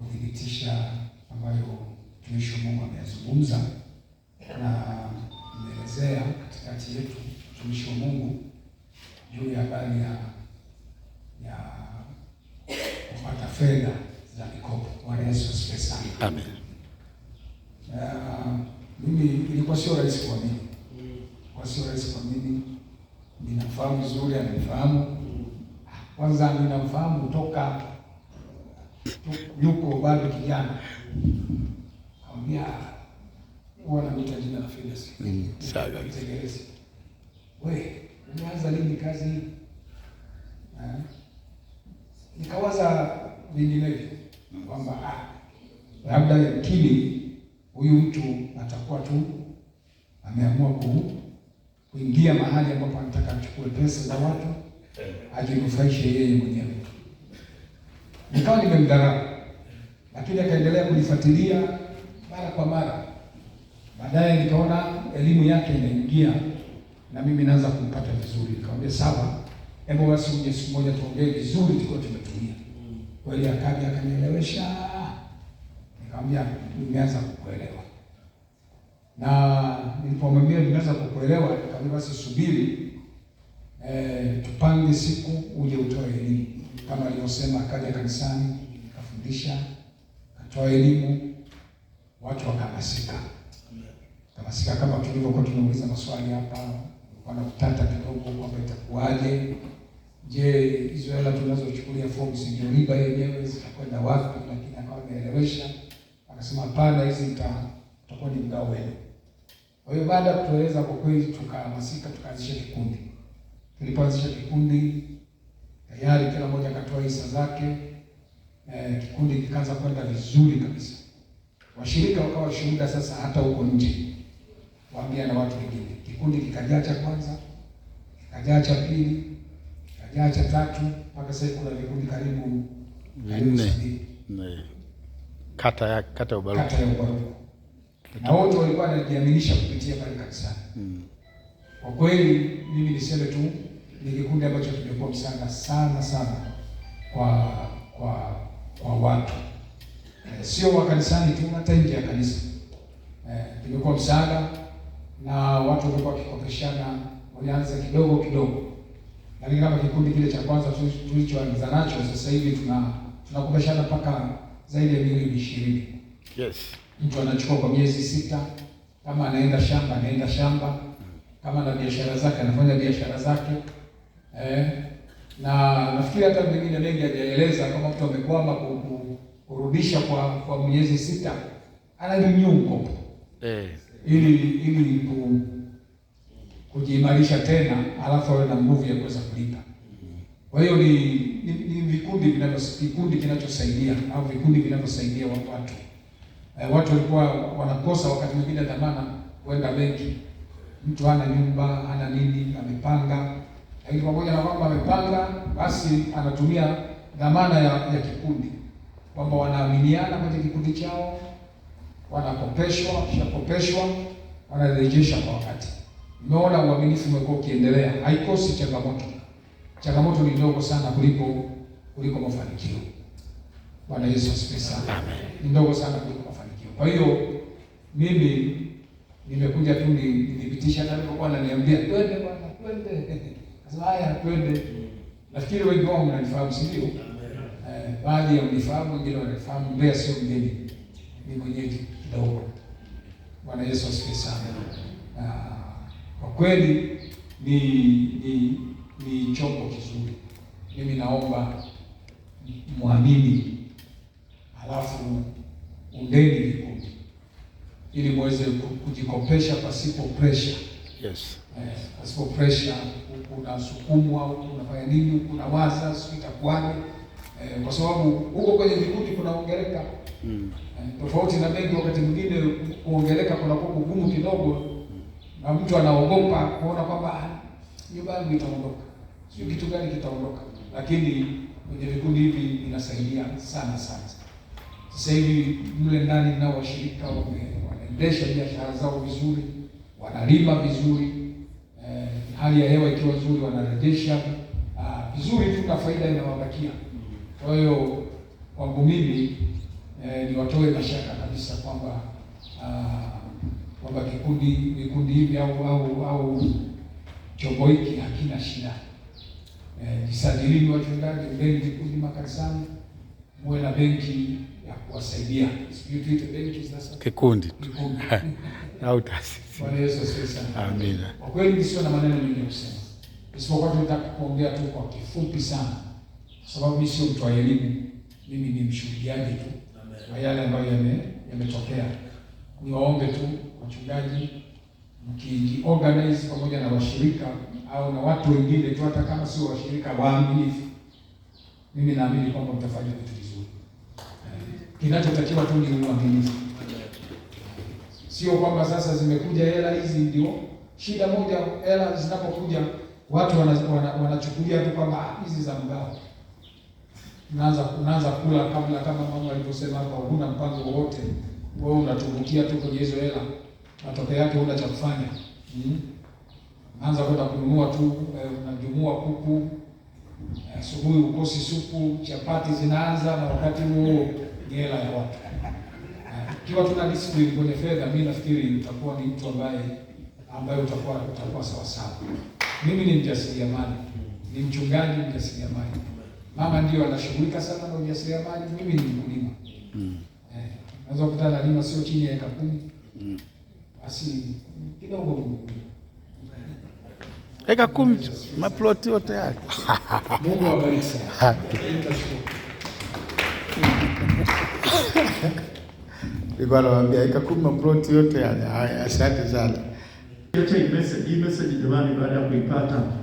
kuthibitisha ambayo mtumishi wa Mungu ameyazungumza na mmeelezea katikati yetu mtumishi wa Mungu juu ya habari ya ya kupata fedha za mikopo. Bwana Yesu asifiwe sana. Amen. Uh, mimi ilikuwa sio rahisi kwa mimi, kwa sio rahisi kwa mimi. ninafahamu vizuri, ananifahamu kwanza, ninamfahamu kutoka yuko bado kijana, kaambia huwa namita jina la Fidesi Tegerezi, we umeanza lini kazi hii? Nikawaza vinginevyo kwamba ah, labda yamkini huyu mtu atakuwa tu ameamua ku kuingia mahali ambapo anataka achukue pesa za watu eh. ajinufaishe yeye mwenyewe nikawa nimemdharau, lakini akaendelea kulifuatilia mara kwa mara. Baadaye nikaona elimu yake inaingia na mimi naanza kumpata vizuri, nikamwambia sawa, hebu basi uje siku moja tuongee vizuri, tuko tumetumia kweli. Akaja akanielewesha, nikamwambia nimeanza kukuelewa. Na nilipomwambia nimeanza kukuelewa, nikamwambia basi subiri, eh, tupange siku uje utoe elimu kama alivyosema, akaja kanisani akafundisha, akatoa elimu, watu wakahamasika, hamasika kama tulivyokuwa tunauliza maswali hapa, wana kutata kidogo kwamba itakuwaje? Je, hizo hela tunazochukulia fomu sio riba yenyewe zitakwenda wapi? Lakini akawa ameelewesha, akasema hapana, hizi itakuwa ni mgao wenu. Kwa hiyo baada ya kutueleza, kwa kweli tukahamasika, tukaanzisha kikundi. Tulipoanzisha kikundi tayari kila mmoja akatoa hisa zake eh, kikundi kikaanza kwenda vizuri kabisa, washirika wakawa shuhuda sasa hata huko nje, waambia na watu wengine. Kikundi kikajaa cha kwanza, kikajaa cha pili, kikajaa cha tatu, mpaka sasa kuna vikundi karibu vinne kata ya kata ya Ubaruku, kata ya Ubaruku, na wote walikuwa wanajiaminisha kupitia pale kanisa. mm. Kwa kweli mimi niseme tu ni kikundi ambacho kimekuwa msanga sana sana kwa kwa kwa watu e, sio wa kanisani tu, hata nje ya kanisa e, tumekuwa msaada na watu walikuwa wakikopeshana, walianza kidogo kidogo, lakini kama kikundi kile cha kwanza tulichoanza nacho sasa hivi tuna tunakopeshana mpaka zaidi ya milioni ishirini. Yes, mtu anachukua kwa miezi sita, kama anaenda shamba anaenda shamba, kama ana biashara zake anafanya biashara zake eh na nafikiri hata mengine mengi hajaeleza, kama mtu amekwama kurudisha kwa kwa miezi sita, ana eh, ili ili ku, kujiimarisha tena, alafu awe na nguvu ya kuweza kulipa. Kwa hiyo ni, ni, ni vikundi vikundi kinachosaidia au vikundi vinavyosaidia watu eh, watu walikuwa wanakosa wakati mwingine dhamana kwenda benki, mtu hana nyumba hana nini amepanga lakini pamoja na kwamba amepanga, basi anatumia dhamana ya, ya kikundi kwamba wanaaminiana kwenye kikundi chao, wanakopeshwa, wakishakopeshwa wanarejesha kwa wakati. Umeona uaminifu umekuwa ukiendelea, haikosi changamoto. Changamoto ni ndogo sana kuliko kuliko mafanikio. Bwana Yesu asifiwe sana. Ni ndogo sana kuliko mafanikio. Kwa hiyo mimi nimekuja tu nithibitisha, hata nilipokuwa ananiambia twende bwana, twende Sasa haya twende, nafikiri wengi wao mnanifahamu, si ndio? Eh, baadhi ya mnifahamu, wengine wanafahamu. Mbeya sio mgeni, ni mwenyewe kidogo. Bwana Yesu asifiwe sana. Kwa kweli ni ni ni chombo kizuri. Mimi naomba mwamini, halafu undeni vikundi ili muweze kujikopesha pasipo pressure. Yes. Eh, pasipo pressure huku unasukumwa huku unafanya nini huku unawaza sio itakuwaje? Eh, kwa sababu huko kwenye vikundi kunaongeleka. Mm. Eh, tofauti na mengi wakati mwingine kuongeleka kunakuwa kugumu kidogo mm. na mtu anaogopa kuona kwamba nyumba ah, yangu itaondoka. Sio kitu gani kitaondoka. Lakini kwenye vikundi hivi inasaidia sana sana. Sasa hivi mle ndani nao washirika wanaendesha biashara zao vizuri wanalima vizuri eh, hali ya hewa ikiwa nzuri wanarejesha ah, vizuri tu na faida inawabakia. Kwa hiyo kwangu mimi eh, niwatoe mashaka kabisa kwamba ah, kwamba kikundi vikundi hivi au au au chombo hiki hakina shida. Eh, jisajilini wachungaji, mbeni vikundi makanisani, muwe na benki ya kuwasaidia kikundi au taasisi. Amina. Kwa kweli nisio na maneno mengi ya kusema, isipokuwa tunataka kuongea tu kwa kifupi sana, kwa sababu mimi sio mtu wa elimu, mimi ni mshuhudiaji tu wa yale ambayo yametokea. Niwaombe tu wachungaji, mkijiorganize pamoja na washirika au na watu wengine tu, hata kama sio washirika waaminifu, mimi naamini kwamba mtafanya vitu vizuri. Kinachotakiwa tu ni uangalifu, sio kwamba sasa zimekuja hela hizi. Ndio shida moja, hela zinapokuja watu wanachukulia tu kwamba ah, hizi za mgao, unaanza unaanza kula kabla, kama mama alivyosema hapa, huna mpango wowote wewe, unatumbukia tu kwenye hizo hela, matokeo yake huna cha kufanya hmm? kwenda kununua tu eh, unajumua kuku eh, asubuhi, eh, ukosi supu, chapati zinaanza na wakati huo ni hela ya watu. Kiwa tuna discipline kwenye fedha, mimi nafikiri utakuwa ni mtu ambaye ambaye utakuwa utakuwa sawa sawa. Mimi ni mjasiriamali, ni mchungaji mjasiriamali. Mama ndio anashughulika sana na ujasiriamali, mimi ni mkulima. Mm. Eh, naweza kukutana na lima sio chini ya eka kumi. Mm. Basi kidogo eka kumi maploti yote yake. Mungu awabariki sana. nilikuwa nawaambia ikakumba ploti yote ya shati zake. Hii message jamani, baada ya kuipata